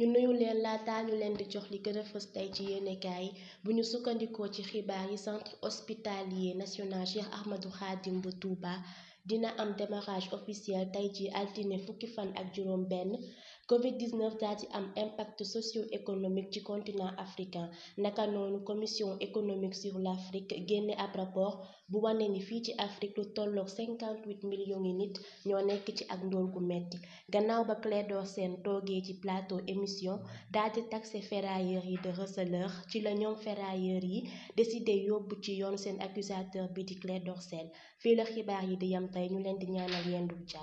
ñu nuyu leen laataa ñu leen di jox li gën a fës tey ci yéenekaay yi bu ñu sukkandikoo ci xibaar yi centre hospitalier national Cheikh Ahmadou Khadim bu Touba dina am démarrage officiel tay ci altine fukki fan ak ben covid-19 daa ci am impact socio-économique ci continent africain naka commission économique sur l'Afrique génne a rapport bu wane ni fi ci Afrique lu tollok 58 millions yi nit ño nek ci ak ndol gu metti gannaaw ba Clédor Sène togué ci plateau émission daa taxe taxé ferrailleurs yi de receleur, ci la ñom ferrailleurs yi décidé yóbbu ci yoon sen accusateur bi di Clédor Sène fi la xibaar yi di yam day ñu leen di ñaanal yendu jàmm